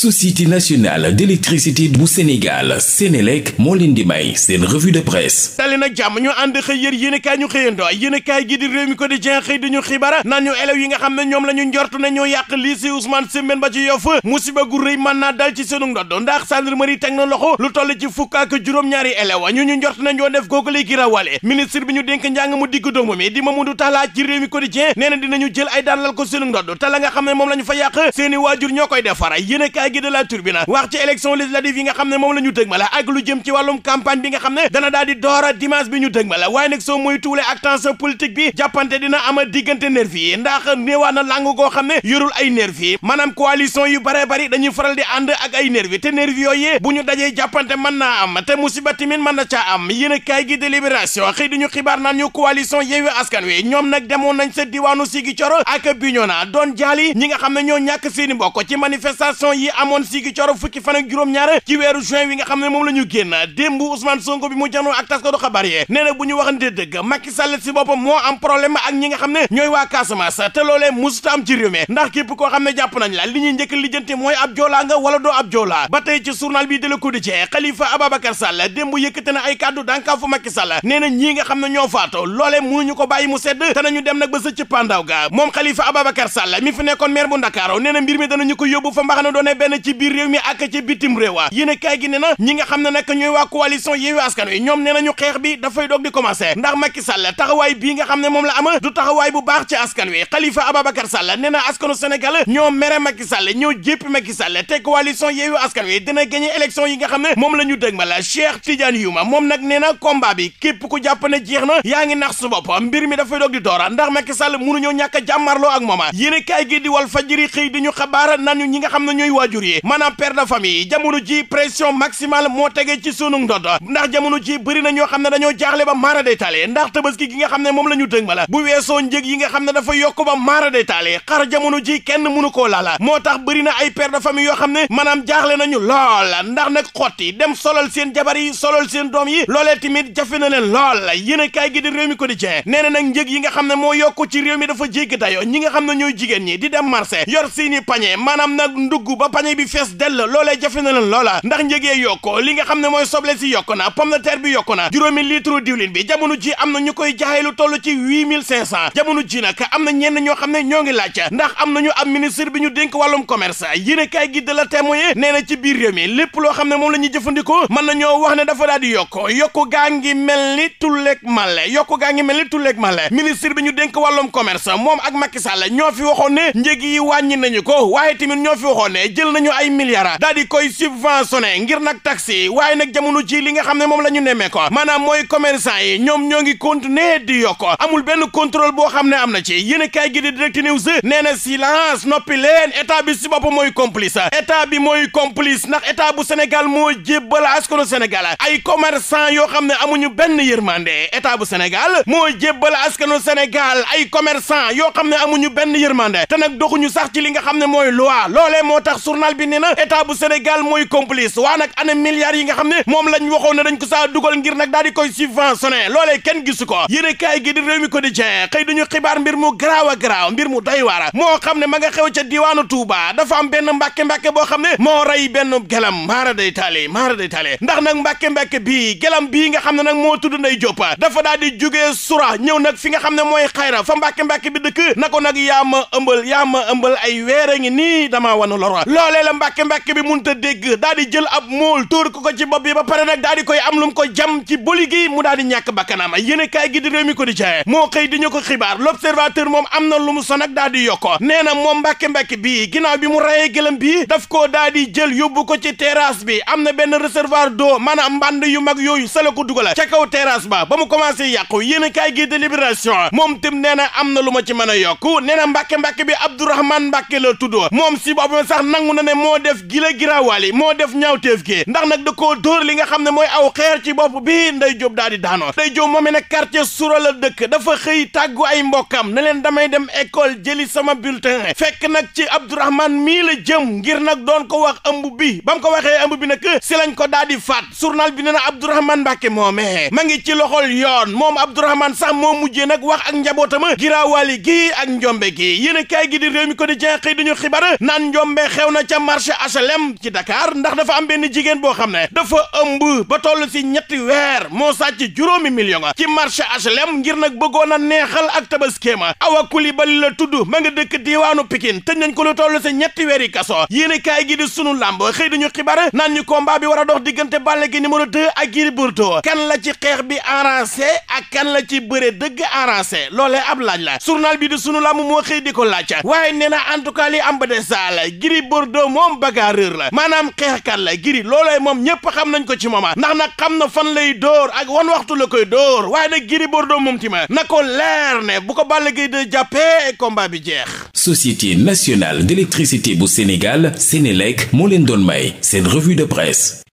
société nationale d'électricité bu Sénégal Sénélec moo leen di may seen revue de presse dali jàmm ñu ànd xëy yër yéenekaay ñu xëyando yéenekaay gi di réew mi ko di jen xëy di ñu xibaar naan ñu yi nga xam ne ñoom la ñu njort ne ñoo yàq lycée Ousmane Sembène ba ci Yoff musiba gu rëy mën naa dal ci seenu ndodd ndax gendarmerie teg na loxo lu toll ci fukk ak juróom-ñaari élèves ñu ñu njort ne ñoo def googu léegi rawale ministre bi ñu dénk njàng na dinañu moom la ñu fa yàq seeni waajur ñoo koy defara yéenekaay gi de la turbina wax ci élection législative yi nga xam ne moom la ñu dëg ma la ak lu jëm ci wàllum campagne bi nga xam ne dana daal di doora dimanche bi ñu dëg ma la waaye nag soo muy tuulee ak tension politique bi jàppante dina ama diggante nervi yi ndax néewaa na làng xam ne yorul ay nervi maanaam coalition yu bare bari faral di ànd ak ay nervi te nervi yooyu bu ñu dajee jàppante mën naa am te musiba tamit mën na caa am yéen a kaay gi délibération sa diwaanu Ziguinchor ak Bignona doon jaali ñi amoon sigi coro fukki fan ak juróom-ñaar ci weeru juin wi nga xam ne moom la ñu génn démb Ousmane Sonko bi mu janoo ak taskatu xabaar yi nee na bu ñu waxante dëgg Macky Sall si moo am problème ak ñi nga xam ne ñooy waa Casamance te loolee musuta am ci réew ndax képp ko xam ne jàpp nañ la li ñuy njëkk lijjanti mooy ab joolaa nga wala doo ab joolaa ba tey ci journal bi de Le Quotidien Khalifa Ababacar Sall démb yëkkate na ay kàddu dànkaafu Macky Sall nee na ñii nga xam ne ñoo faatu loolee mënuñu ko bàyyi mu sedd te nañu dem nag moom Khalifa Ababacar Sall mi fi nekkoon maire bu Ndakaaru nee na mbir mi ko yóbbu fa mbaxana doone na ci biir réew mi ak ci bitim réew wa yéen a gi ne na ñi nga xam ne nag ñooy waa coalition Yewwi Askan Wi ñoom nee nañu xeex bi dafay doog di commencer ndax Macky Sall taxawaay bii nga xam ne moom la am du taxawaay bu baax ci askan wi Khalifa Ababacar Sall nee na askanu Sénégal ñoo mere Macky Sall ñoo jéppi Macky Sall te coalition Yewwi Askan Wi dina gagner élection yi nga xam ne moom la ñu dëgmal Cheikh Tidiane Youma moom nag nee na combat bi képp ku jàpp ne jeex na yaa ngi nax su mbir mi dafay doog di doora ndax Macky Sall mënuñoo ñàkk a jàmmarloo ak mooma a ñu xabaar naan ñi nga xam ne ñooy waaju waajur yi maanaam père de famille jamono ji pression maximale moo tege ci sunu ndodd ndax jamono ji bëri ñoo xam ne dañoo jaaxle ba maara day ndax tabaski gi nga xam ne moom la ñu dëg ma la bu weesoo njëg yi nga xam ne dafa yokk ba maara day xar jamono ji kenn mënu koo moo tax bëri ay père yoo xam ne maanaam jaaxle nañu lool ndax nag xotti dem solal seen jabar yi solal doom yi loolee tamit jafe a ne moo yokk ci réew mi dafa di panier bi dell loolee jafe na leen loola ndax njëgee yokko li nga xam ne mooy soble si yokku na pomme de terre bi yokku na juróomi litre diwlin bi jamono ji am na ñu koy jaay lu ci huit mille cinq cent jamono ji nag am na ñenn ñoo xam ne ñoo ngi laaj ndax am nañu ab ministre bi ñu dénk wàllum commerce yéen a kaay gi de la témoin nee na ci biir réew mi lépp loo xam ne moom la ñuy jëfandikoo mën na ñoo wax ne dafa daal di yokko yokku gaa ngi mel ni tulleeg male yokku gaa ngi mel ni tulleeg male ko waaye tamit ñoo jël nañu ay milliards daal di koy subventionné ngir nag taxi waaye nag jamono ci li nga xam ne moom la ñu nemmee ko maanaam mooy commerçant yi ñoom ñoo ngi continuer di yokk amul benn contrôle boo xam ne am na ci yéen a kaay gi di direct news nee na silence noppi leen état bi si bopp mooy complice état bi mooy complice ndax état bu Sénégal moo jébbal askanu Sénégal ay commerçant yoo xam ne amuñu benn yërmande état bu Sénégal moo jébbal askanu Sénégal ay commerçant yoo xam ne amuñu benn yërmande te nag doxuñu sax ci li nga xam ne mooy journal bi nee na état bu Sénégal mooy complice waa nag ana milliards yi nga xam ne moom lañ waxoon ne dañ ko saa dugal ngir nag daal di koy subventionné loolee kenn gisu ko yéene kaay gi di réew mi ko di cee xëy duñu xibaar mbir mu garaaw a garaaw mbir mu doy waar moo xam ne ma nga xew ca diwaanu Touba dafa am benn mbàkke-mbàkke boo xam ne moo rey benn gelam maara day taale maara day taale ndax nag mbakke mbàkke bii gelam bii nga xam ne nag moo tudd Ndey Jóob dafa daal di jugee sura ñëw nag fi nga xam ne mooy xayra fa mbàkke-mbàkke bi dëkk na ko nag yaa ma ëmbal yaa ma ëmbal ay weere ngi nii dama loolee la mbàkke-mbàkke bi munta dégg daa di jël ab mool tóor ko ko ci bopp bi ba pare nag daa di koy am lu mu ko jam ci boli gi mu daa di ñàkk bakkanaama yéen kaay gi di mi ko di jaay moo xëy di ñu ko xibaar l'observateur moom am na lu mu son ak daa di yokko nee na moom mbàkke-mbàkke bi ginnaaw bi mu rayee gëlëm bi daf ko daa di jël yóbbu ko ci terrasse bi am na benn réservoir d'eau maanaam mbànd yu mag yooyu sala ko dugala ca kaw terrasse ba ba mu commencé yàqu yéen kaay gi de libération moom tim nee na am na lu ma ci mën a yokku nee na mbàkke-mbàkke bi abdourahman mbàkke la tuddoo moom si boppam sax na ne moo def gila giraawaali moo def ñaawteef gi ndax nag da koo dóor li nga xam ne mooy aw xeer ci bopp bi Ndeye Diop daal di daanoo Ndeye Diop moom nag quartier Soura a dëkk dafa xëy tàggu ay mbokkam ne leen damay dem école jëli sama bulletin fekk nag ci Abdourahmane mii la jëm ngir nag doon ko wax ëmb bi ba mu ko waxee ëmb bi nag si lañ ko daal di faat journal bi nee na Abdourahmane Mbacke moomee ma ngi ci loxol yoon moom Abdourahmane sax moo mujjee nag wax ak njabootam giraawaali gi ak njombe gi yéen kaay gi di réew mi ko di jeex xëy duñu xibaar naan njombe xew na ca marché lem H&M ci dakaar ndax dafa am benn jigéen boo xam ne dafa ëmb ba toll si ñetti weer moo sàcc juróomi million ci marché HLM ngir nag bëggoon a neexal ak tabaskeema Awa Coulibaly la tudd ma nga dëkk diiwaanu Pikine tëj nañ ko lu toll si ñetti weer yi kaso yéen kaay gi di sunu làmb xëy dañu xibaar naan ñu combat bi war a dox diggante Balla Gaye numéro 2 ak Gris Bordeaux kan la ci xeex bi arrangé ak kan la ci bëre dëgg arrangé loolee ab laaj la journal bi di sunu làmb moo xëy di ko laaj waaye nee na en tout cas li am ba des Modou moom bagarreur la maanaam xeexkat la giri loolee moom ñépp xam nañ ko ci mooma ndax nag xam na fan lay dóor ak wan waxtu la koy dóor waaye nag giri Bordeaux moom tima na ko leer ne bu ko Balla Gaye de jàppee combat bi jeex Société nationale d'électricité bu Sénégal Sénélec moo leen doon may seen revue de presse